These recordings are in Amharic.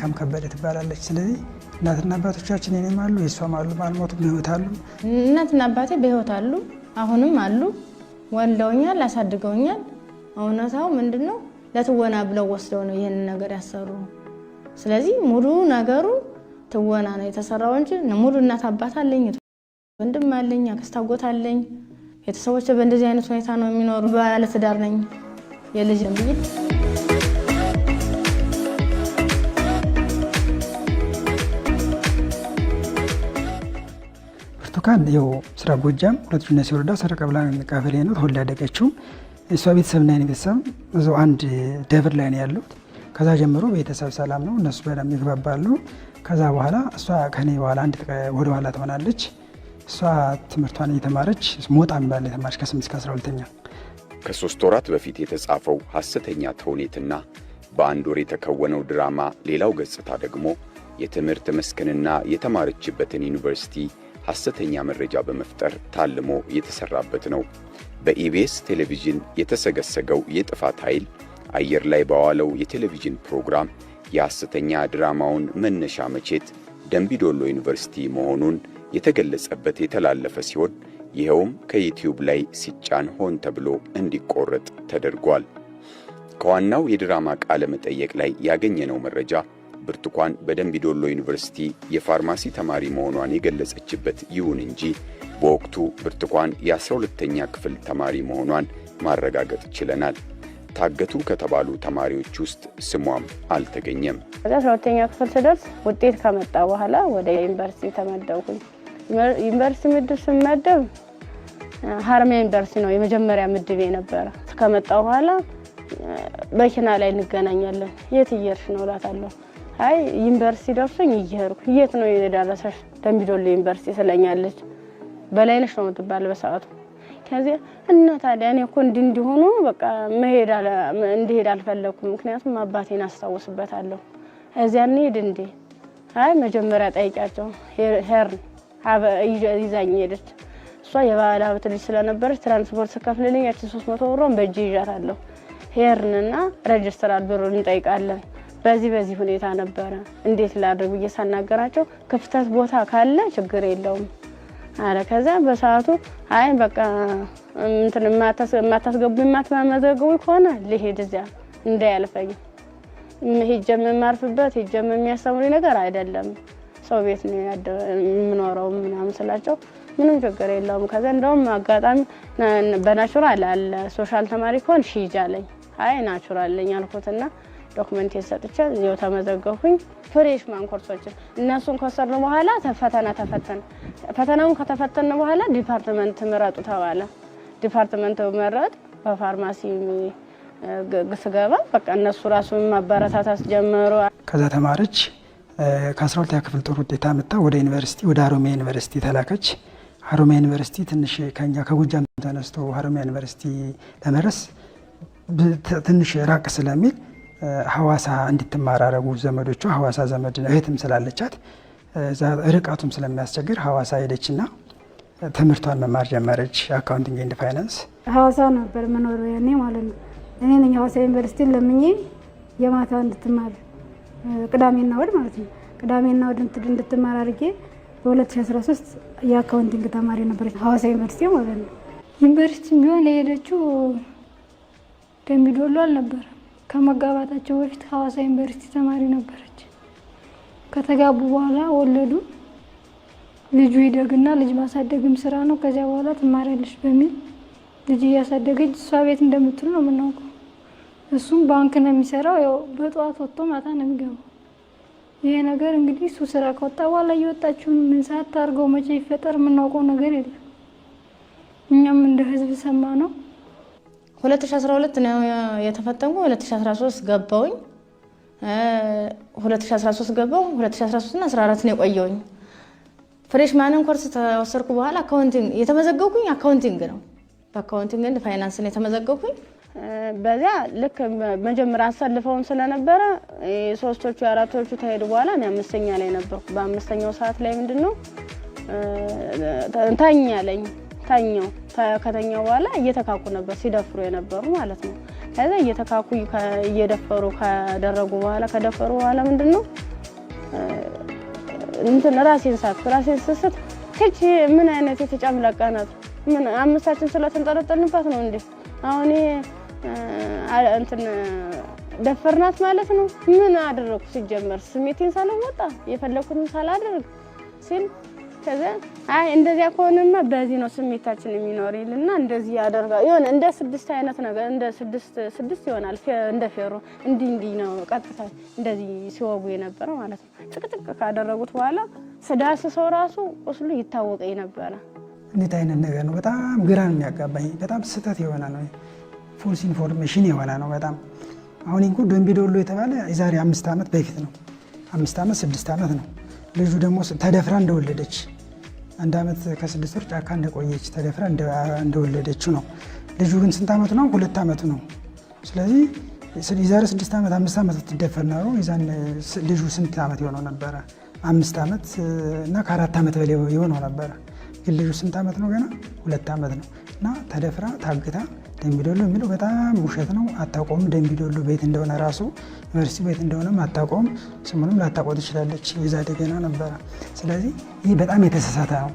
መልካም ከበደ ትባላለች። ስለዚህ እናትና አባቶቻችን የኔም አሉ የእሷም አሉ፣ አልሞቱም፣ በህይወት አሉ። እናትና አባቴ በህይወት አሉ፣ አሁንም አሉ። ወልደውኛል፣ አሳድገውኛል። እውነታው ምንድን ነው? ለትወና ብለው ወስደው ነው ይህንን ነገር ያሰሩ። ስለዚህ ሙሉ ነገሩ ትወና ነው የተሰራው እንጂ ሙሉ እናት አባት አለኝ፣ ወንድም አለኝ፣ አክስት አለኝ። ቤተሰቦች በእንደዚህ አይነት ሁኔታ ነው የሚኖሩ። ባለትዳር ነኝ የልጅ ነው ብርቱካን ያው ስራ ጎጃም ሁለት ጅነ ሲወረዳ ሰረቀ ብላ ቀበሌ ነው ተወልዳ ያደገችውም። እሷ ቤተሰብ ና ቤተሰብ እዛው አንድ ደብር ላይ ነው ያለሁት። ከዛ ጀምሮ ቤተሰብ ሰላም ነው፣ እነሱ በደንብ ይግባባሉ። ከዛ በኋላ እሷ ከኔ በኋላ አንድ ወደ ኋላ ትሆናለች። እሷ ትምህርቷን እየተማረች ሞጣ የሚባል የተማረች ከስምንት እስከ አስራ ሁለተኛ ከሶስት ወራት በፊት የተጻፈው ሐሰተኛ ተውኔትና በአንድ ወር የተከወነው ድራማ ሌላው ገጽታ ደግሞ የትምህርት መስክንና የተማረችበትን ዩኒቨርሲቲ ሐሰተኛ መረጃ በመፍጠር ታልሞ የተሰራበት ነው። በኢቢኤስ ቴሌቪዥን የተሰገሰገው የጥፋት ኃይል አየር ላይ በዋለው የቴሌቪዥን ፕሮግራም የሐሰተኛ ድራማውን መነሻ መቼት ደምቢዶሎ ዩኒቨርሲቲ መሆኑን የተገለጸበት የተላለፈ ሲሆን ይኸውም ከዩትዩብ ላይ ሲጫን ሆን ተብሎ እንዲቆረጥ ተደርጓል። ከዋናው የድራማ ቃለ መጠየቅ ላይ ያገኘነው መረጃ ብርቱካን በደምቢዶሎ ዩኒቨርሲቲ የፋርማሲ ተማሪ መሆኗን የገለጸችበት ይሁን እንጂ በወቅቱ ብርቱካን የ12ተኛ ክፍል ተማሪ መሆኗን ማረጋገጥ ችለናል። ታገቱ ከተባሉ ተማሪዎች ውስጥ ስሟም አልተገኘም። ከዚ 12ተኛ ክፍል ስደርስ ውጤት ከመጣ በኋላ ወደ ዩኒቨርሲቲ ተመደብኩኝ። ዩኒቨርሲቲ ምድብ ስመደብ ሀረማያ ዩኒቨርሲቲ ነው የመጀመሪያ ምድብ የነበረ። ከመጣ በኋላ መኪና ላይ እንገናኛለን። የት እየሄድሽ ነው እላታለሁ አይ ዩኒቨርሲቲ ደርሶኝ እየሄድኩ የት ነው የደረሰሽ? ደምቢዶሎ ዩኒቨርሲቲ ስለኛለች በላይነሽ ነው የምትባል በሰዓቱ። ከዚህ እና ታዲያ እኔ እኮ እንዲህ እንዲሆኑ በቃ እንዲሄድ አልፈለግኩም፣ ምክንያቱም አባቴን አስታውስበታለሁ። እዚያ እንሂድ እንዴ? አይ መጀመሪያ ጠይቂያቸው ሄርን ይዛኝ ሄደች። እሷ የባህል ሀብት ልጅ ስለነበረች ትራንስፖርት ስከፍልልኝ ያችን ሶስት መቶ ብሮን በእጅ ይዣታለሁ። ሄርንና ረጅስትራል ብሩን እንጠይቃለን በዚህ በዚህ ሁኔታ ነበረ እንዴት ላድርግ ብዬ ሳናገራቸው ክፍተት ቦታ ካለ ችግር የለውም አለ። ከዛ በሰዓቱ አይ በቃ እንትን የማታስገቡ የማትመዘግቡ ከሆነ ልሄድ እዚያ እንዳያልፈኝ ሂጄ የማርፍበት ሂጄ የሚያስተምሩ ነገር አይደለም ሰው ቤት ነው የምኖረው ምናምን ስላቸው ምንም ችግር የለውም። ከዛ እንደውም አጋጣሚ በናቹራል አለ ሶሻል ተማሪ ከሆን ሺ ይጃለኝ አይ ናቹራል ለኝ አልኩትና ዶክመንት የሰጥቼ እዚው ተመዘገብኩኝ። ፍሬሽ ማንኮርሶችን እነሱን ከሰሩ በኋላ ፈተና ተፈተን ፈተናውን ከተፈተን በኋላ ዲፓርትመንት ምረጡ ተባለ። ዲፓርትመንት መረጥ በፋርማሲ ስገባ በቃ እነሱ ራሱ ማበረታታት አስጀመሩ። ከዛ ተማሪች ከ12ኛ ክፍል ጥሩ ውጤት አምጥታ ወደ ዩኒቨርሲቲ ወደ ሀሮሚያ ዩኒቨርሲቲ ተላከች። ሀሮሚያ ዩኒቨርሲቲ ትንሽ ከኛ ከጎጃም ተነስቶ ሀሮሚያ ዩኒቨርሲቲ ለመድረስ ትንሽ ራቅ ስለሚል ሐዋሳ እንድትማር አረጉ ዘመዶቿ። ሐዋሳ ዘመድ እህትም ስላለቻት ርቀቱም ስለሚያስቸግር ሐዋሳ ሄደችና ትምህርቷን መማር ጀመረች። አካውንቲንግ ኤንድ ፋይናንስ ሐዋሳ ነበር መኖሩ ያኔ ማለት ነው። እኔ ነኝ ሐዋሳ ዩኒቨርሲቲ ለምኜ የማታ እንድትማር ቅዳሜና እሑድ ማለት ነው ቅዳሜና እሑድ እንድትማር አድርጌ በ2013 የአካውንቲንግ ተማሪ ነበረች ሐዋሳ ዩኒቨርሲቲ ማለት ነው። ዩኒቨርሲቲ ቢሆን የሄደችው ደምቢዶሎ አልነበረም ከመጋባታቸው በፊት ሀዋሳ ዩኒቨርሲቲ ተማሪ ነበረች። ከተጋቡ በኋላ ወለዱ። ልጁ ይደግና ልጅ ማሳደግም ስራ ነው፣ ከዚያ በኋላ ትማሪያለች በሚል ልጅ እያሳደገች እሷ ቤት እንደምትሉ ነው የምናውቀው። እሱም ባንክ ነው የሚሰራው። ያው በጠዋት ወጥቶ ማታ ነው የሚገባው። ይሄ ነገር እንግዲህ እሱ ስራ ከወጣ በኋላ እየወጣችሁን ምን ሰዓት ታርገው መቼ ይፈጠር የምናውቀው ነገር የለም። እኛም እንደ ህዝብ ሰማ ነው 2012 ነው የተፈተንኩ። 2013 ገባውኝ 2013 ገባው 2013 እና 14 ነው የቆየውኝ። ፍሬሽ ማንን ኮርስ ተወሰድኩ በኋላ አካውንቲንግ የተመዘገብኩኝ አካውንቲንግ ነው። በአካውንቲንግ እንደ ፋይናንስ ነው የተመዘገብኩኝ። በዚያ ልክ መጀመሪያ አሰልፈውን ስለነበረ የሶስቶቹ የአራቶቹ ከሄዱ በኋላ እኔ አምስተኛ ላይ ነበርኩ። በአምስተኛው ሰዓት ላይ ምንድን ነው ተኛ ያለኝ ከኛው ከተኛው በኋላ እየተካኩ ነበር ሲደፍሩ የነበሩ ማለት ነው። ከዛ እየተካኩ እየደፈሩ ከደረጉ በኋላ ከደፈሩ በኋላ ምንድን ነው እንትን ራሴን ሳት ራሴን ስስት ቼች ምን አይነት የተጨምለቀ ናት? ምን አምስታችን ስለተንጠለጠልንባት ነው እንዴ? አሁን እንትን ደፈርናት ማለት ነው። ምን አደረኩ ሲጀመር ስሜቴን ሳልወጣ የፈለኩትን ሳላደርግ ሲል ከዛ አይ እንደዚያ ከሆነማ በዚህ ነው ስሜታችን የሚኖር ይልና እንደዚህ ያደርጋል። የሆነ እንደ ስድስት አይነት ነገር እንደ ስድስት ስድስት ይሆናል። እንደ ፌሮ እንዲህ እንዲህ ነው ቀጥታ እንደዚህ ሲወጉ የነበረ ማለት ነው። ጥቅጥቅ ካደረጉት በኋላ ስዳስ ሰው ራሱ ቁስሉ ይታወቀ ነበረ። እንዴት አይነት ነገር ነው? በጣም ግራ ነው የሚያጋባኝ። በጣም ስህተት የሆነ ነው፣ ፎልስ ኢንፎርሜሽን የሆነ ነው በጣም አሁን እንኳ ደምቢ የተባለ የዛሬ አምስት ዓመት በፊት ነው። አምስት ዓመት ስድስት ዓመት ነው ልጁ ደግሞ ተደፍራ እንደወለደች አንድ ዓመት ከስድስት ወር ጫካ እንደቆየች ተደፍራ እንደወለደችው ነው። ልጁ ግን ስንት ዓመቱ ነው? ሁለት ዓመቱ ነው። ስለዚህ የዛሬ ስድስት ዓመት አምስት ዓመት ትደፈር ነው። የዛን ልጁ ስንት ዓመት የሆነው ነበረ? አምስት ዓመት እና ከአራት ዓመት በላይ የሆነው ነበረ። ግን ልጁ ስንት ዓመት ነው? ገና ሁለት ዓመት ነው። እና ተደፍራ ታግታ ደምቢዶሎ የሚለው በጣም ውሸት ነው። አታቆም ደምቢዶሎ ቤት እንደሆነ ራሱ ዩኒቨርሲቲ ቤት እንደሆነም አታቆም፣ ስሙንም ላታቆ ትችላለች። የዛ ደገና ነበረ። ስለዚህ ይህ በጣም የተሳሳተ ነው።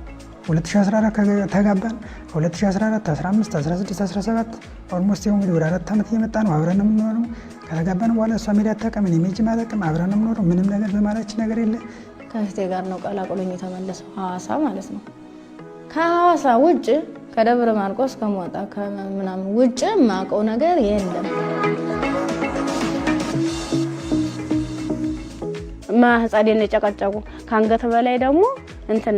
2014 ተጋባን። 2014 15 16 17 ኦልሞስት ይኸው ወደ አራት ዓመት እየመጣ ነው። አብረን ነው ከተጋባን በኋላ እሷ ሜዳ አታውቅም፣ እኔ ሜጅ አላውቅም። አብረን ነው ምንም ነገር በማለች ነገር የለ። ከእህቴ ጋር ነው ቀላቅሎኝ የተመለሰው ሐዋሳ ማለት ነው። ከሐዋሳ ውጭ ከደብረ ማርቆስ ከሞጣ ከምናምን ውጭ የማውቀው ነገር የለም። ማህፀዴን የጨቀጨቁ ከአንገት በላይ ደግሞ እንትን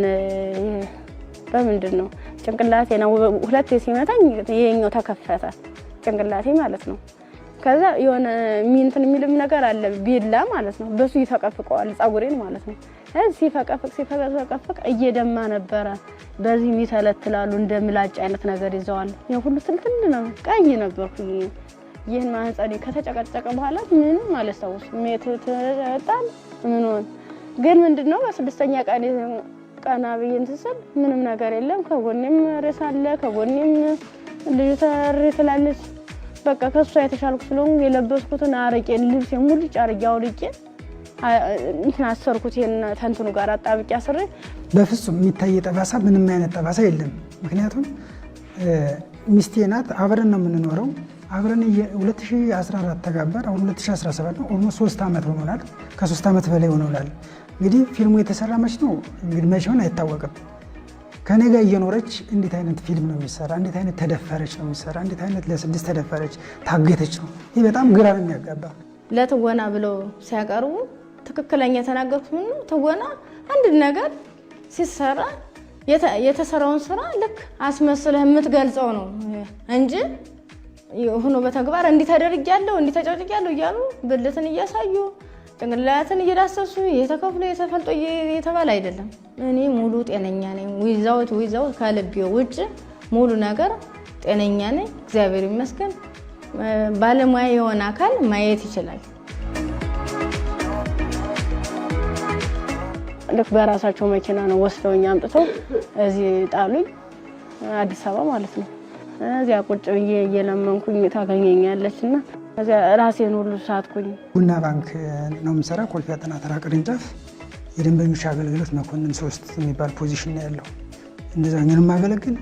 በምንድን ነው ጭንቅላቴ ነው ሁለት ሲመታኝ ይሄኛው ተከፈተ ጭንቅላቴ ማለት ነው። ከዛ የሆነ ሚንትን የሚልም ነገር አለ ቢላ ማለት ነው። በሱ ይተቀፍቀዋል ጸጉሬን ማለት ነው። ሲፈቀፍቅ ሲፈቀፍቅ እየደማ ነበረ። በዚህ ይተለትላሉ እንደ ምላጭ አይነት ነገር ይዘዋል። ያው ሁሉ ትልትል ነው። ቀይ ነበርኩ ይህን ማህፀኔ ከተጨቀጨቀ በኋላ ምንም አላስታውስም። ሜትጣል ምንሆን ግን ምንድን ነው በስድስተኛ ቀን ቀና ብይን ስስል ምንም ነገር የለም። ከጎኔም ሬሳ አለ፣ ከጎኔም ልዩ ተሬ ትላለች። በቃ ከእሷ የተሻልኩ ስለሆንኩ የለበስኩትን አረቄ ልብሴ ሙልጭ አርጌ አውልቄ አሰርኩት ተንትኑ ጋር አጣብቂ አስሬ በፍጹም የሚታይ ጠባሳ ምንም አይነት ጠባሳ የለም። ምክንያቱም ሚስቴ ናት፣ አብረን ነው የምንኖረው። አብረን 2014 ተጋባን። አሁን 2017 ነው። ኦልሞስት ሶስት ዓመት ሆኖናል። ከሶስት ዓመት በላይ ሆኖናል። እንግዲህ ፊልሙ የተሰራ መች ነው እንግዲህ መቼውን አይታወቅም። ከኔ ጋር እየኖረች እንዴት አይነት ፊልም ነው የሚሰራ? እንዴት አይነት ተደፈረች ነው የሚሰራ? እንዴት አይነት ለስድስት ተደፈረች ታገተች ነው። ይህ በጣም ግራ ነው የሚያጋባ ለትወና ብለው ሲያቀርቡ ትክክለኛ የተናገርኩት ነው። ትወና አንድ ነገር ሲሰራ የተሰራውን ስራ ልክ አስመስለህ የምትገልጸው ነው እንጂ ሆኖ በተግባር እንዲህ ተደርጊያለሁ እንዲህ ተጨጭጊያለሁ እያሉ ብልትን እያሳዩ ጭንቅላትን እየዳሰሱ የተከፍሎ የተፈልጦ የተባለ አይደለም። እኔ ሙሉ ጤነኛ ነኝ። ዊዛውት ዊዛውት ከልቤ ውጭ ሙሉ ነገር ጤነኛ ነኝ፣ እግዚአብሔር ይመስገን። ባለሙያ የሆነ አካል ማየት ይችላል። ልክ በራሳቸው መኪና ነው ወስደውኝ አምጥተው እዚህ ጣሉኝ፣ አዲስ አበባ ማለት ነው። እዚያ ቁጭ ብዬ እየለመንኩኝ ታገኘኛለች እና ራሴን ሁሉ ሳትኩኝ። ቡና ባንክ ነው የምሰራ፣ ኮልፌ አጠና ተራ ቅርንጫፍ የደንበኞች አገልግሎት መኮንን ሶስት የሚባል ፖዚሽን ነው ያለው። እንደዛ ኛ ማገለግል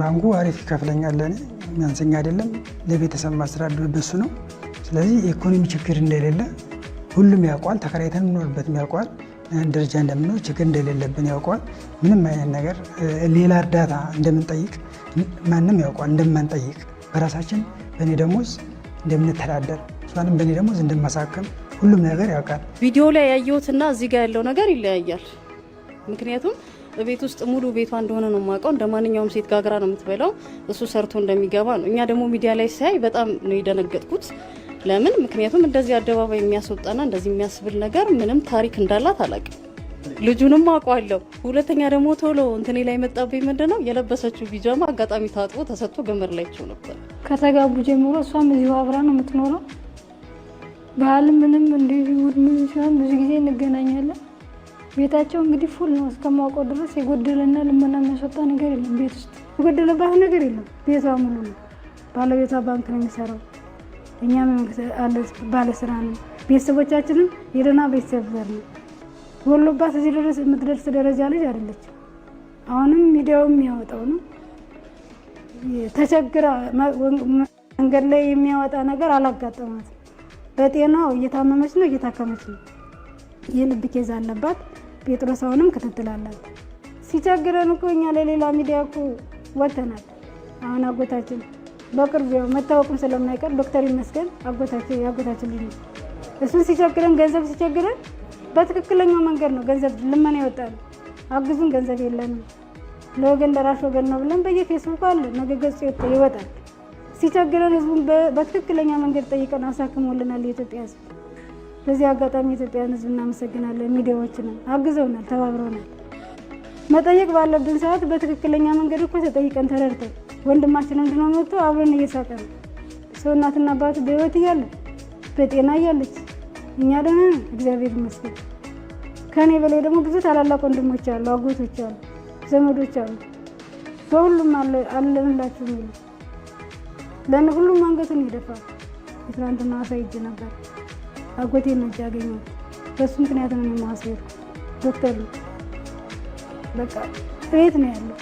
ባንኩ አሪፍ ይከፍለኛል፣ ለእኔ አይደለም። ለቤተሰብ ማስተዳደር በሱ ነው። ስለዚህ የኢኮኖሚ ችግር እንደሌለ ሁሉም ያውቋል። ተከራይተን የምኖርበት ያውቋል። ደረጃ እንደምንሆን ችግር እንደሌለብን ያውቀዋል። ምንም አይነት ነገር ሌላ እርዳታ እንደምንጠይቅ ማንም ያውቀዋል። እንደማንጠይቅ በራሳችን በእኔ ደሞዝ እንደምንተዳደር እሷንም በእኔ ደሞዝ እንደማሳክም ሁሉም ነገር ያውቃል። ቪዲዮ ላይ ያየሁትና እዚህ ጋር ያለው ነገር ይለያያል። ምክንያቱም ቤት ውስጥ ሙሉ ቤቷ እንደሆነ ነው የማውቀው። እንደ ማንኛውም ሴት ጋግራ ነው የምትበላው። እሱ ሰርቶ እንደሚገባ ነው። እኛ ደግሞ ሚዲያ ላይ ሳይ በጣም ነው የደነገጥኩት። ለምን? ምክንያቱም እንደዚህ አደባባይ የሚያስወጣና እንደዚህ የሚያስብል ነገር ምንም ታሪክ እንዳላት አላውቅም። ልጁንም አውቀዋለሁ። ሁለተኛ ደግሞ ቶሎ እንትኔ ላይ መጣብኝ። ምንድን ነው የለበሰችው ቢጃማ አጋጣሚ ታጥቦ ተሰጥቶ ገመድ ላይችው ነበር። ከተጋቡ ጀምሮ እሷም እዚሁ አብራ ነው የምትኖረው። ባህል ምንም እንዲህ ምን ሲሆን ብዙ ጊዜ እንገናኛለን። ቤታቸው እንግዲህ ፉል ነው እስከማውቀው ድረስ የጎደለና ልመና የሚያስወጣ ነገር የለም። ቤት ውስጥ የጎደለባት ነገር የለም። ቤቷ ሙሉ ነው። ባለቤቷ ባንክ ነው የሚሰራው። እኛ ባለስራ ነው። ቤተሰቦቻችንም የደህና ቤተሰብ ዘር ነው። ወሎባት እዚህ ድረስ የምትደርስ ደረጃ ልጅ አይደለችም። አሁንም ሚዲያውም የሚያወጣው ነው ተቸግራ መንገድ ላይ የሚያወጣ ነገር አላጋጠማትም። በጤናው እየታመመች ነው፣ እየታከመች ነው። የልብ ኬዝ አለባት። ጴጥሮስ አሁንም ክትትል አላት። ሲቸግረን እኮ እኛ ለሌላ ሚዲያ እኮ ወተናል። አሁን አጎታችን በቅርብ ያው መታወቁም ስለማይቀር ዶክተር ይመስገን አጎታችን ያጎታችን ልጅ ነው። እሱን ሲቸግረን ገንዘብ ሲቸግረን በትክክለኛው መንገድ ነው ገንዘብ ልመና ይወጣል። አግዙን ገንዘብ የለንም ለወገን ለራሽ ወገን ነው ብለን በየፌስቡክ አለ ነገገጽ ይወጣል። ሲቸግረን ህዝቡን በትክክለኛ መንገድ ጠይቀን አሳክሞልናል። የኢትዮጵያ ህዝብ በዚህ አጋጣሚ የኢትዮጵያን ህዝብ እናመሰግናለን። ሚዲያዎችንም አግዘውናል፣ ተባብረውናል። መጠየቅ ባለብን ሰዓት በትክክለኛ መንገድ እኮ ተጠይቀን ተረድተን ወንድማችን እንድንሆን መጥቶ አብረን እየሳቀ ነው። ሰው እናትና አባቱ በህይወት እያለ በጤና እያለች እኛ ደህና ነን፣ እግዚአብሔር ይመስገን። ከእኔ በላይ ደግሞ ብዙ ታላላቅ ወንድሞች አሉ፣ አጎቶች አሉ፣ ዘመዶች አሉ። በሁሉም አለንላችሁ ሚሉ ለእነ ሁሉም አንገቱን ይደፋል። የትናንትና አሳ ይጅ ነበር አጎቴ ነጅ ያገኘው በእሱ ምክንያት ነው ማስሄድ ዶክተር ነው። በቃ ቤት ነው ያለው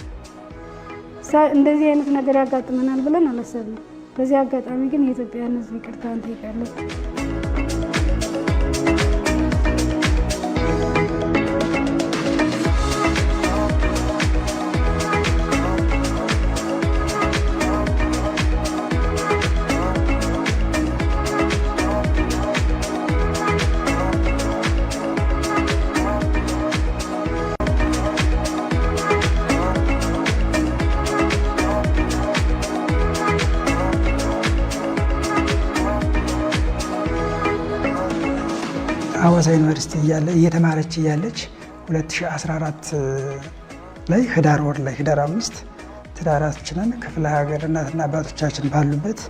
እንደዚህ አይነት ነገር ያጋጥመናል ብለን አላሰብንም። በዚህ አጋጣሚ ግን የኢትዮጵያን ሕዝብ ይቅርታ አንተ ዩኒቨርሲቲ እየተማረች እያለች 2014 ላይ ህዳር ወር ላይ ህዳር አምስት ትዳራችንን ክፍለ ሀገር እናትና አባቶቻችን ባሉበት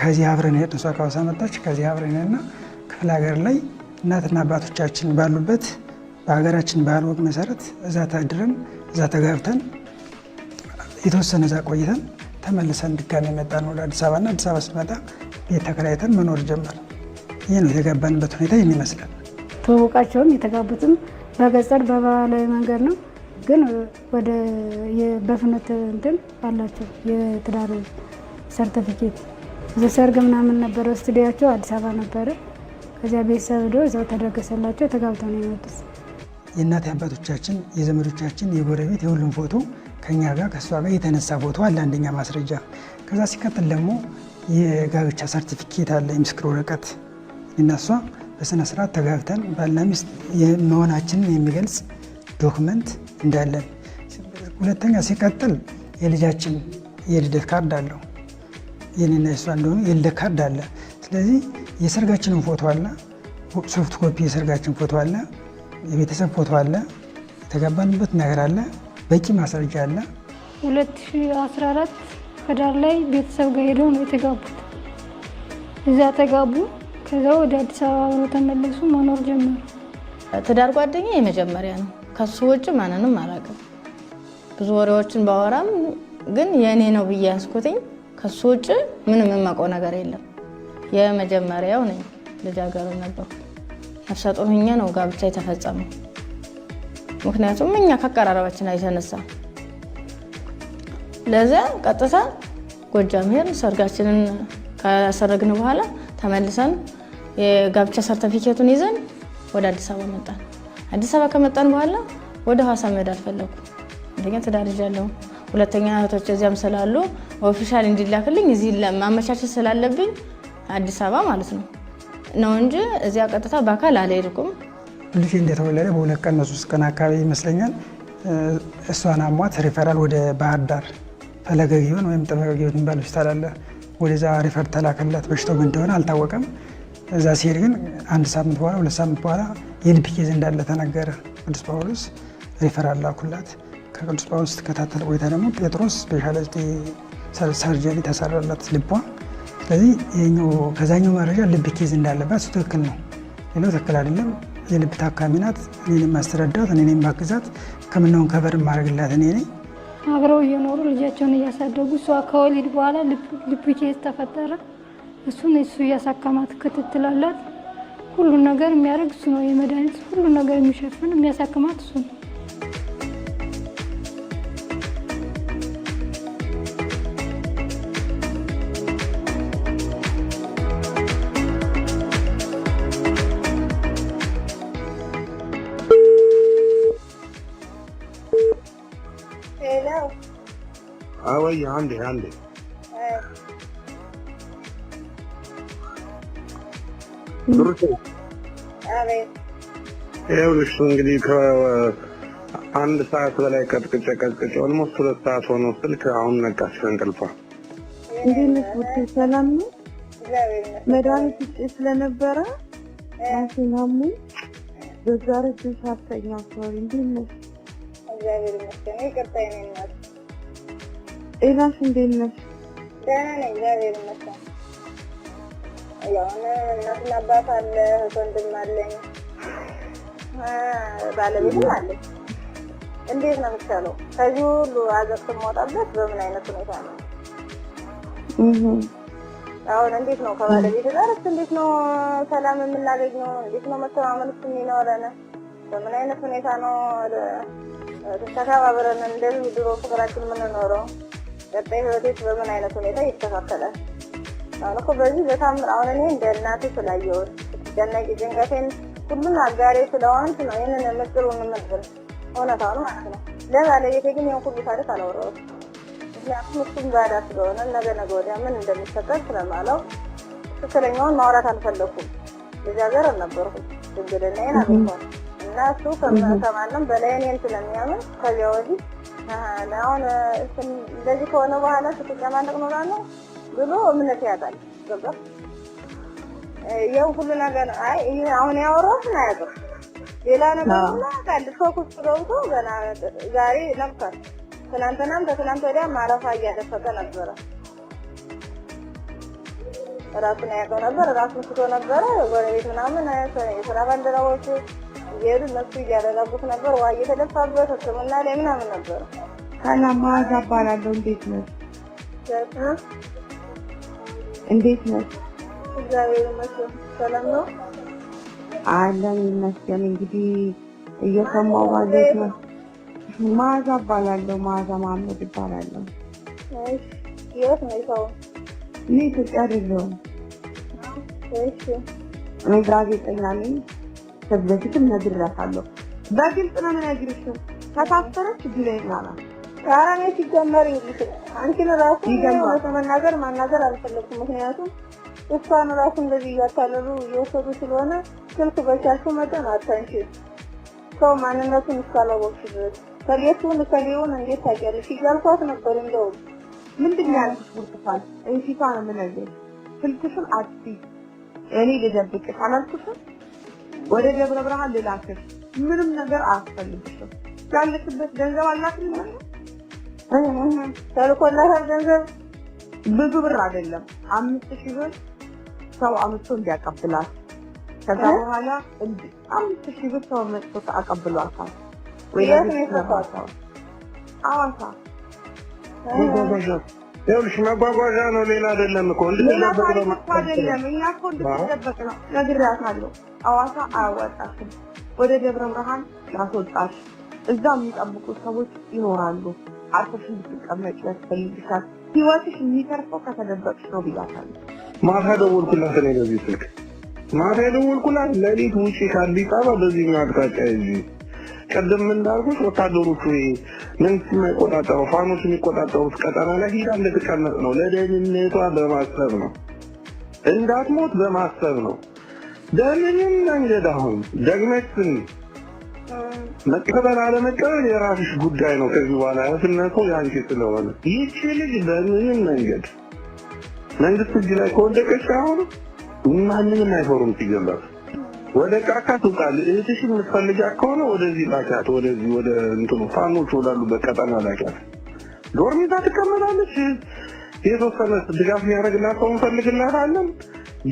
ከዚህ አብረን ሄድ እሷ ከሀዋሳ መጣች። ከዚህ አብረን ሄድና ክፍለ ሀገር ላይ እናትና አባቶቻችን ባሉበት በሀገራችን ባህል ወግ መሰረት እዛ ታድረን እዛ ተጋብተን የተወሰነ እዛ ቆይተን ተመልሰን ድጋሚ መጣን ወደ አዲስ አበባ እና አዲስ አበባ ስንመጣ ቤት ተከራይተን መኖር ጀመር። ይህ ነው የተጋባንበት ሁኔታ የሚመስለው። ትውውቃቸውም የተጋቡትም በገጠር በባህላዊ መንገድ ነው፣ ግን ወደ በፍኖተ እንትን አላቸው የትዳር ሰርተፊኬት። እዚህ ሰርግ ምናምን ነበረው፣ ስቱዲያቸው አዲስ አበባ ነበረ። ከዚያ ቤተሰብ ዶ እዛው ተደገሰላቸው፣ ተጋብተው ነው የመጡት። የእናት አባቶቻችን፣ የዘመዶቻችን፣ የጎረቤት የሁሉም ፎቶ ከኛ ጋር ከእሷ ጋር የተነሳ ፎቶ አለ፣ አንደኛ ማስረጃ። ከዛ ሲቀጥል ደግሞ የጋብቻ ሰርቲፊኬት አለ፣ የምስክር ወረቀት እናሷ በስነ ስርዓት ተጋብተን ባልና ሚስት መሆናችንን የሚገልጽ ዶክመንት እንዳለን። ሁለተኛ ሲቀጥል የልጃችን የልደት ካርድ አለው። የኔና የሷ እንደሆኑ የልደት ካርድ አለ። ስለዚህ የሰርጋችንን ፎቶ አለ፣ ሶፍት ኮፒ የሰርጋችን ፎቶ አለ፣ የቤተሰብ ፎቶ አለ፣ የተጋባንበት ነገር አለ፣ በቂ ማስረጃ አለ። 2014 ህዳር ላይ ቤተሰብ ጋር ሄደው ነው የተጋቡት። እዛ ተጋቡ። ከዛ ወደ አዲስ አበባ ተመለሱ፣ መኖር ጀመሩ። ትዳር ጓደኛ የመጀመሪያ ነው። ከሱ ውጭ ማንንም አላውቅም። ብዙ ወሬዎችን ባወራም ግን የእኔ ነው ብዬ ያስኩትኝ ከሱ ውጭ ምንም የማውቀው ነገር የለም። የመጀመሪያው ነኝ። ልጃገረድ ነበርኩ። ነፍሰ ጡር ሆኜ ነው ጋብቻ የተፈጸመው። ምክንያቱም እኛ ከአቀራረባችን የተነሳ ለዚያ ቀጥታ ጎጃም ሄድን። ሰርጋችንን ካሰርግን በኋላ ተመልሰን የጋብቻ ሰርተፊኬቱን ይዘን ወደ አዲስ አበባ መጣን። አዲስ አበባ ከመጣን በኋላ ወደ ሀዋሳ መሄድ አልፈለጉ። አንደኛ ትዳር ይዣለሁ፣ ሁለተኛ እህቶች እዚያም ስላሉ ኦፊሻል እንዲላክልኝ እዚህ ማመቻቸት ስላለብኝ አዲስ አበባ ማለት ነው ነው እንጂ እዚያ ቀጥታ በአካል አልሄድኩም። ልጅ እንደተወለደ በሁለት ቀን በሶስት ቀን አካባቢ ይመስለኛል እሷን አሟት ሪፈራል ወደ ባህር ዳር ፈለገ ጊዮን ወይም ጥበበ ጊዮን የሚባል ሆስፒታል አለ። ወደዛ ሪፈር ተላከላት። በሽታው ምን እንደሆነ አልታወቀም። እዛ ሲሄድ ግን አንድ ሳምንት በኋላ ሁለት ሳምንት በኋላ የልብ ኬዝ እንዳለ ተነገረ። ቅዱስ ጳውሎስ ሪፈራል ላኩላት። ከቅዱስ ጳውሎስ ስትከታተል ቆይታ ደግሞ ጴጥሮስ ስፔሻሊቲ ሰርጀሪ ተሰራላት ልቧ። ስለዚህ ከዛኛው መረጃ ልብ ኬዝ እንዳለባት እሱ ትክክል ነው፣ ሌላው ትክክል አይደለም። የልብ ታካሚ ናት፣ እኔን ማስረዳት፣ እኔ ማግዛት፣ ከምናውን ከበር ማድረግላት እኔ ነኝ። አብረው እየኖሩ ልጃቸውን እያሳደጉ እሷ ከወሊድ በኋላ ልብ ኬዝ ተፈጠረ። እሱን እሱ እያሳከማት ክትትላላት ሁሉን ነገር የሚያደርግ እሱ ነው። የመድኃኒት ሁሉን ነገር የሚሸፍን የሚያሳክማት እሱ ነው። አወይ አንዴ አንዴ ብሩኬ ይኸውልሽ እንግዲህ ከአንድ ሰዓት በላይ ቀጥቅጬ ቀጥቅጬ ኦልሞስት ሁለት ሰዓት ሆኖ ስልክ አሁን ነቃች ከእንቅልፏ። እንዴት ነሽ ውዴ? ሰላም ነው። መድኃኒት ውጭ ስለነበረ ማሽናሙ በዛ ረጅም ሳተኛ አካባቢ እንዴት ነሽ? ጤናሽ እንዴት ነሽ? ደህና ነኝ፣ እግዚአብሔር ይመስገን። ያሁን እናትና አባት አለ፣ ወንድም አለኝ፣ ባለቤትም አለኝ። እንዴት ነው የሚቻለው? ከዚህ ሁሉ አዘቅት የማወጣበት በምን አይነት ሁኔታ ነው? አሁን እንዴት ነው ከባለቤት ጋርስ እንዴት ነው ሰላም የምናገኘው? እንዴት ነው መተማመን የሚኖረን? በምን አይነት ሁኔታ ነው ተከባብረን እንደዚህ ድሮ ፍቅራችን የምንኖረው? ቀጣይ ህይወቴስ በምን አይነት ሁኔታ ይስተካከላል? በጣም እኮ በዚህ በታምር አሁን እኔ እንደ እናቴ ስላየሁት ስትጨነቂ ጭንቀቴን ሁሉም አጋሬ ነው ይህንን የምጥሩ የምንግር እውነታ ነው ማለት ነው። ለባለቤቴ ግን ይህን ሁሉ ታሪክ አላወራሁት። ምክንያቱም እሱም ባዳ ስለሆነ ነገ ነገ ወዲያ ምን እንደሚፈጠር ስለማለው ትክክለኛውን ማውራት አልፈለኩም። ልጃገር አልነበርኩም። ድንግልናዬን አግኝቷል እና እሱ ከማንም በላይ እኔን ስለሚያምን ከዚያ ወዲህ አሁን እንደዚህ ከሆነ በኋላ ስትጨማለቅ ኖራለሁ ብሎ እምነት ያጣል። ገባ ያው ሁሉ ነገር አይ ይሄ አሁን ያወራሁት ነው ያለው ሌላ ነገር ሁሉ አውቃለሁ። ፎኩስ ገብቶ ገና ዛሬ ነበር፣ ትናንትናም ከትናንት ወዲያ ማረፋ እያደፈቀ ነበረ። ራሱን ያውቀው ነበር፣ ራሱን ስቶ ነበረ። ጎረቤት ምናምን የስራ ባልደረቦቹ እየሄዱ እነሱ እያደረጉት ነበር፣ ውሃ እየተደፋበት ሕክምና ላይ ምናምን ነበረ። ሰላም ማዕዛ እባላለሁ። እንዴት ነው? እንዴት ነሽ? እግዚአብሔር ይመስገን ሰላም ነው አለን ይመስገን። እንግዲህ እየሰማሁ ባሉት ነው። መዓዛ እባላለሁ። መዓዛ መሀመድ እባላለሁ። እኔ ኢትዮጵያ አይደለሁም። እኔ ጋዜጠኛ ነኝ። ከዚህ በፊትም ነግሬሻለሁ። በግልጽ ነው የምነግርሽ። ከታሰረች ችግር የለም ኧረ እኔ ሲጀመር እንግዲህ አንቺን ራሱ ለመናገር ማናገር አልፈለኩም። ምክንያቱም እሷን ራሱ እንደዚህ እያታለሉ እየወሰዱ ስለሆነ ስልክ በቻልኩ መጠን አታንሺ ሰው ማንነቱን እስካላወቅሽ ድረስ ከሌቱን ከሌውን እንዴት ታውቂያለሽ እያልኳት ነበር። እንደውም ምንድን ነው ያልኩሽ? ብርቱካን እንሽቷ ነው የምነግርሽ። ስልክሽን አትይ፣ እኔ ልደብቅሽ አላልኩሽም? ወደ ደብረ ብርሃን ልላክሽ፣ ምንም ነገር አያስፈልግሽም። ያለችበት ገንዘብ አላት ምን ተልኮላታል። ገንዘብ ብዙ ብር አይደለም፣ አምስት ሺህ ብር ሰው አምጥቶ እንዲያቀብላት ከዛ በኋላ አምስት ሺህ ብር ሰው መጥቶ አቀብሏታል። አዋሳ ይኸውልሽ መጓጓዣ ነው፣ ሌላ አይደለም እኮ እንድትደበቅ ነው። አይደለም እኛ እኮ እንድትደበቅ ነው ነግሬያታለሁ። አዋሳ አያዋጣሽም፣ ወደ ደብረ ብርሃን እዛ የሚጠብቁ ሰዎች ይኖራሉ። አርፈሽ እንድትቀመጭ ያስፈልግሻል። ህይወትሽ የሚተርፈው ከተደበቅሽ ነው ብያታለሁ። ማታ ደወልኩላት እኔ በዚህ ስልክ ማታ የደወልኩላት ውጪ ከአዲስ አበባ በዚህኛው አቅጣጫ ይዤ ቅድም እንዳልኩሽ ወታደሮቹ ምንስ የማይቆጣጠሩ ፋኖች የሚቆጣጠሩት ቀጠና ላይ ሂዳ እንደተቀመጥ ነው። ለደህንነቷ በማሰብ ነው፣ እንዳትሞት በማሰብ ነው። በምንም መንገድ አሁን ደግመች መቀበል አለመቀበል የራስሽ ጉዳይ ነው። ከዚህ በኋላ ያስነቱ ያንቺ ስለሆነ ይህቺ ልጅ በምንም መንገድ መንግስት እጅ ላይ ከወደቀች አሁን ማንንም አይፈሩም። ሲገባት ወደ ጫካ ትውጣል። እህትሽ የምትፈልጋት ከሆነ ወደዚህ ላኪያት፣ ወደዚህ ወደ እንትኑ ፋኖች ወዳሉበት ቀጠና ላኪያት። ዶርም ይዛ ትቀመጣለች። የተወሰነ ድጋፍ የሚያደርግላት ሰው እንፈልግላታለን።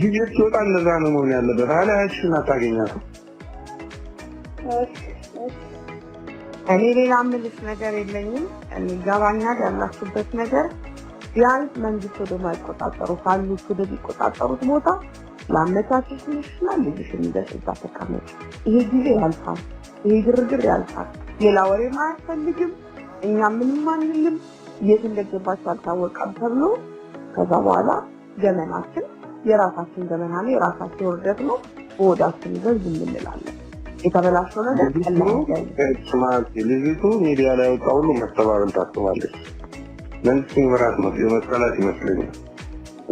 ጊዜ ሲወጣ እንደዛ ነው መሆን ያለበት። አለያችሽን አታገኛትም። እኔ ሌላ ምልሽ ነገር የለኝም። ይገባኛል ያላችሁበት ነገር ቢያንስ መንግስት ወደማይቆጣጠሩ ካሉት ወደሚቆጣጠሩት ቦታ ለአመቻችሽ ልሽና ልጅሽ የሚደርስ እዛ ተቀመጭ። ይሄ ጊዜ ያልፋል። ይሄ ግርግር ያልፋል። ሌላ ወሬም አያስፈልግም። እኛ ምንም አንልም። የት እንደገባች አልታወቀም ተብሎ ከዛ በኋላ ገመናችን የራሳችን ገመና ነው፣ የራሳችን ውርደት ነው። በወዳችን ይዘን ዝም እንላለን። የተበላሸ ነገር ስማት ልጅቱ ሚዲያ ላይ ወጣ ሁሉ መስተባበል ታስባለች። መንግስት ምራት ነው መጠላት ይመስለኛል።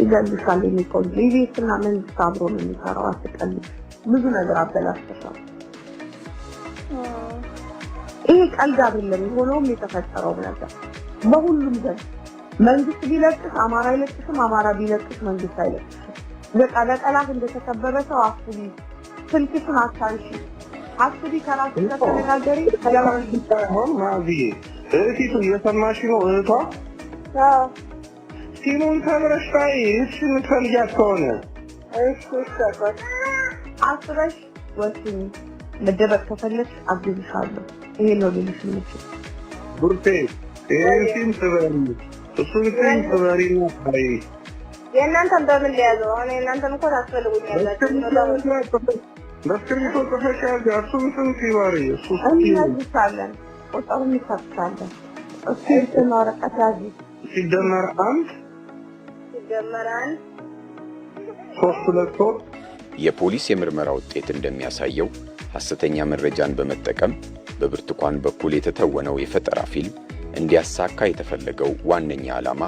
ይገልጻል የሚቆል ቤትና መንግስት አብሮ ነው የሚሰራው። አስቀል ብዙ ነገር አበላሽተሻል። ይሄ ቀልድ አይደለም። የሆነውም የተፈጠረው ነገር በሁሉም ዘንድ መንግስት ቢለቅስ አማራ አይለቅስም፣ አማራ ቢለቅስ መንግስት አይለቅስም። በቃ ለጠላት እንደተከበበ ሰው አስቢ፣ ስልክሽን አታንሺ። አስቢ ከራስ ጋር ተነጋገሪ። ከራስ ሳይሆን ማዚ እህቲቱ እየሰማሽ ነው። እህቷ ሲሙን ተምረሽ ታይ እሺን ከልጃት ከሆነ አስበሽ ወስኝ። መደበቅ ከፈለግሽ አግዝሻለሁ። ይሄ ነው ልልሽ የምችል። ቡርቴ ይሄን ትበሪ፣ እሱን ሲም ትበሪ ነው በምን ሊያዘው አሁን የእናንተም እኮ ታስፈልጉኛላችሁ ጽፈሽ ያዝ። እሱም እሱ ቁጥሩን ይከፍታለን። ወረቀት ያዝ። ሲደመር አንድ ሲደመር አንድ ሶስት ሁለት ሶስት። የፖሊስ የምርመራ ውጤት እንደሚያሳየው ሐሰተኛ መረጃን በመጠቀም በብርቱካን በኩል የተተወነው የፈጠራ ፊልም እንዲያሳካ የተፈለገው ዋነኛ ዓላማ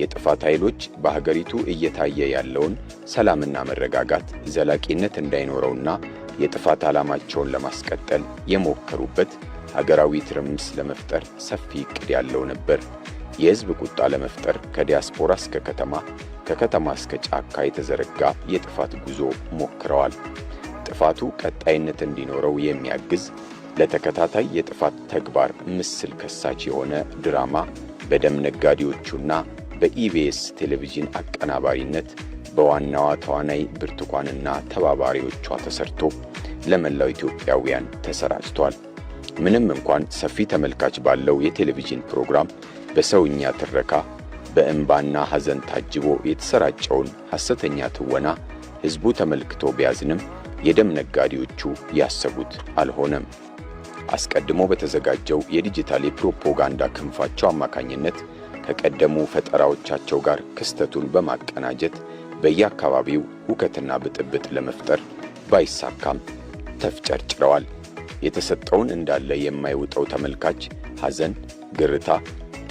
የጥፋት ኃይሎች በሀገሪቱ እየታየ ያለውን ሰላምና መረጋጋት ዘላቂነት እንዳይኖረውና የጥፋት ዓላማቸውን ለማስቀጠል የሞከሩበት ሀገራዊ ትርምስ ለመፍጠር ሰፊ እቅድ ያለው ነበር። የሕዝብ ቁጣ ለመፍጠር ከዲያስፖራ እስከ ከተማ፣ ከከተማ እስከ ጫካ የተዘረጋ የጥፋት ጉዞ ሞክረዋል። ጥፋቱ ቀጣይነት እንዲኖረው የሚያግዝ ለተከታታይ የጥፋት ተግባር ምስል ከሳች የሆነ ድራማ በደም ነጋዴዎቹና በኢቢኤስ ቴሌቪዥን አቀናባሪነት በዋናዋ ተዋናይ ብርቱካንና ተባባሪዎቿ ተሰርቶ ለመላው ኢትዮጵያውያን ተሰራጭቷል። ምንም እንኳን ሰፊ ተመልካች ባለው የቴሌቪዥን ፕሮግራም በሰውኛ ትረካ በእንባና ሐዘን ታጅቦ የተሰራጨውን ሐሰተኛ ትወና ሕዝቡ ተመልክቶ ቢያዝንም የደም ነጋዴዎቹ ያሰቡት አልሆነም። አስቀድሞ በተዘጋጀው የዲጂታል የፕሮፓጋንዳ ክንፋቸው አማካኝነት ከቀደሙ ፈጠራዎቻቸው ጋር ክስተቱን በማቀናጀት በየአካባቢው ሁከትና ብጥብጥ ለመፍጠር ባይሳካም ተፍጨርጭረዋል። የተሰጠውን እንዳለ የማይውጠው ተመልካች ሐዘን፣ ግርታ፣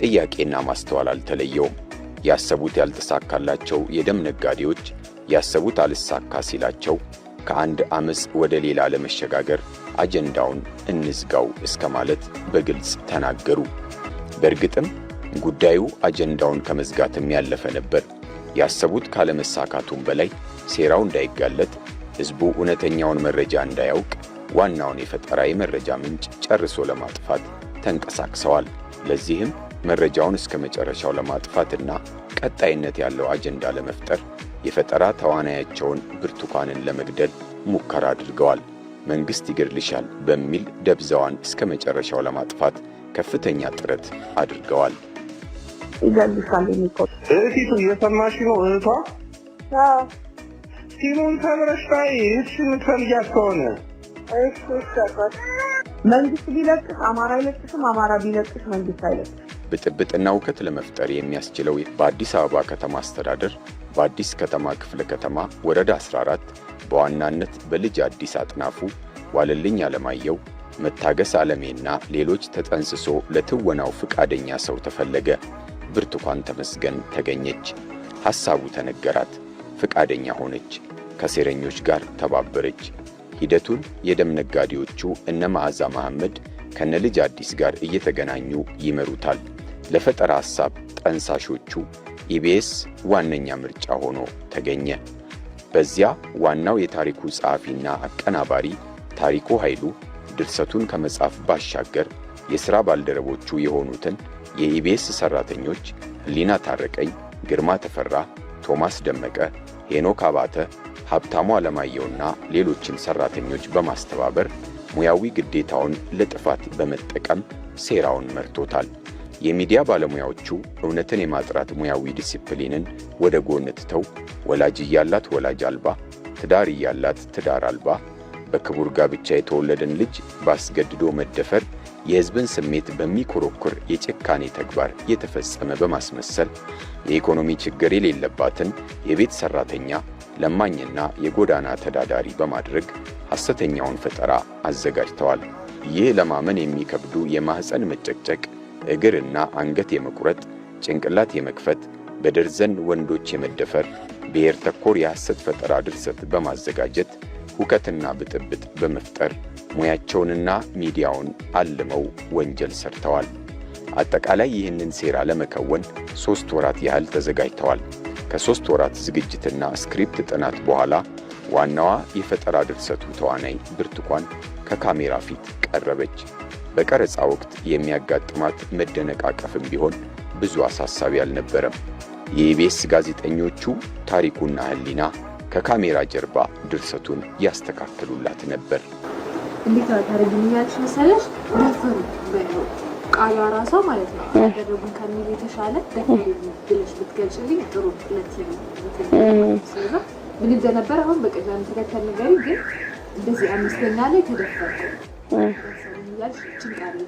ጥያቄና ማስተዋል አልተለየውም። ያሰቡት ያልተሳካላቸው የደም ነጋዴዎች ያሰቡት አልሳካ ሲላቸው ከአንድ አመፅ ወደ ሌላ ለመሸጋገር አጀንዳውን እንዝጋው እስከ ማለት በግልጽ ተናገሩ። በእርግጥም ጉዳዩ አጀንዳውን ከመዝጋትም ያለፈ ነበር። ያሰቡት ካለመሳካቱም በላይ ሴራው እንዳይጋለጥ ሕዝቡ እውነተኛውን መረጃ እንዳያውቅ ዋናውን የፈጠራ የመረጃ ምንጭ ጨርሶ ለማጥፋት ተንቀሳቅሰዋል። ለዚህም መረጃውን እስከ መጨረሻው ለማጥፋትና ቀጣይነት ያለው አጀንዳ ለመፍጠር የፈጠራ ተዋናያቸውን ብርቱካንን ለመግደል ሙከራ አድርገዋል። መንግሥት ይገድልሻል በሚል ደብዛዋን እስከ መጨረሻው ለማጥፋት ከፍተኛ ጥረት አድርገዋል። ይገልጻል። የሚቆ እህቲቱ እየሰማሽ ነው? እህቷ ሲሙን ተምረሽ ታይ እሺ፣ የምትፈልጊያት ከሆነ መንግስት ቢለቅስ አማራ አይለቅስም፣ አማራ ቢለቅስ መንግስት አይለቅስም። ብጥብጥና እውከት ለመፍጠር የሚያስችለው በአዲስ አበባ ከተማ አስተዳደር በአዲስ ከተማ ክፍለ ከተማ ወረዳ 14 በዋናነት በልጅ አዲስ አጥናፉ፣ ዋለልኝ አለማየው፣ መታገስ አለሜና ሌሎች ተጠንስሶ ለትወናው ፈቃደኛ ሰው ተፈለገ። ብርቱካን ተመስገን ተገኘች። ሐሳቡ ተነገራት፣ ፈቃደኛ ሆነች፣ ከሴረኞች ጋር ተባበረች። ሂደቱን የደም ነጋዴዎቹ እነ መዓዛ መሐመድ ከነልጅ አዲስ ጋር እየተገናኙ ይመሩታል። ለፈጠራ ሐሳብ ጠንሳሾቹ ኢቢኤስ ዋነኛ ምርጫ ሆኖ ተገኘ። በዚያ ዋናው የታሪኩ ጸሐፊና አቀናባሪ ታሪኩ ኃይሉ ድርሰቱን ከመጻፍ ባሻገር የሥራ ባልደረቦቹ የሆኑትን የኢቢኤስ ሰራተኞች ህሊና ታረቀኝ፣ ግርማ ተፈራ፣ ቶማስ ደመቀ፣ ሄኖክ አባተ፣ ሀብታሙ አለማየውና ሌሎችን ሰራተኞች በማስተባበር ሙያዊ ግዴታውን ለጥፋት በመጠቀም ሴራውን መርቶታል። የሚዲያ ባለሙያዎቹ እውነትን የማጥራት ሙያዊ ዲሲፕሊንን ወደ ጎን ትተው ወላጅ እያላት ወላጅ አልባ፣ ትዳር እያላት ትዳር አልባ፣ በክቡር ጋብቻ የተወለደን ልጅ በአስገድዶ መደፈር የህዝብን ስሜት በሚኮረኩር የጭካኔ ተግባር የተፈጸመ በማስመሰል የኢኮኖሚ ችግር የሌለባትን የቤት ሰራተኛ ለማኝና የጎዳና ተዳዳሪ በማድረግ ሐሰተኛውን ፈጠራ አዘጋጅተዋል። ይህ ለማመን የሚከብዱ የማኅፀን መጨቅጨቅ፣ እግርና አንገት የመቁረጥ፣ ጭንቅላት የመክፈት፣ በደርዘን ወንዶች የመደፈር ብሔር ተኮር የሐሰት ፈጠራ ድርሰት በማዘጋጀት ሁከትና ብጥብጥ በመፍጠር ሙያቸውንና ሚዲያውን አልመው ወንጀል ሰርተዋል። አጠቃላይ ይህንን ሴራ ለመከወን ሦስት ወራት ያህል ተዘጋጅተዋል። ከሦስት ወራት ዝግጅትና ስክሪፕት ጥናት በኋላ ዋናዋ የፈጠራ ድርሰቱ ተዋናይ ብርቱካን ከካሜራ ፊት ቀረበች። በቀረጻ ወቅት የሚያጋጥማት መደነቃቀፍም ቢሆን ብዙ አሳሳቢ አልነበረም። የኢቢኤስ ጋዜጠኞቹ ታሪኩና ህሊና ከካሜራ ጀርባ ድርሰቱን ያስተካክሉላት ነበር። እንዴት ታደርጊልኛለሽ መሰለሽ ደፈሩ ቃሏ ራሷ ማለት ነው ያደረጉን ከሚል የተሻለ ደፈሩ ብለሽ ብትገልጭልኝ ጥሩ ለት ስለዛ ምንዛ ነበር አሁን በቅዳም ተከተል ነገሪ ግን እንደዚህ አምስተኛ ላይ ተደፈርኩ ደፈሩ እያልሽ ችንቃለ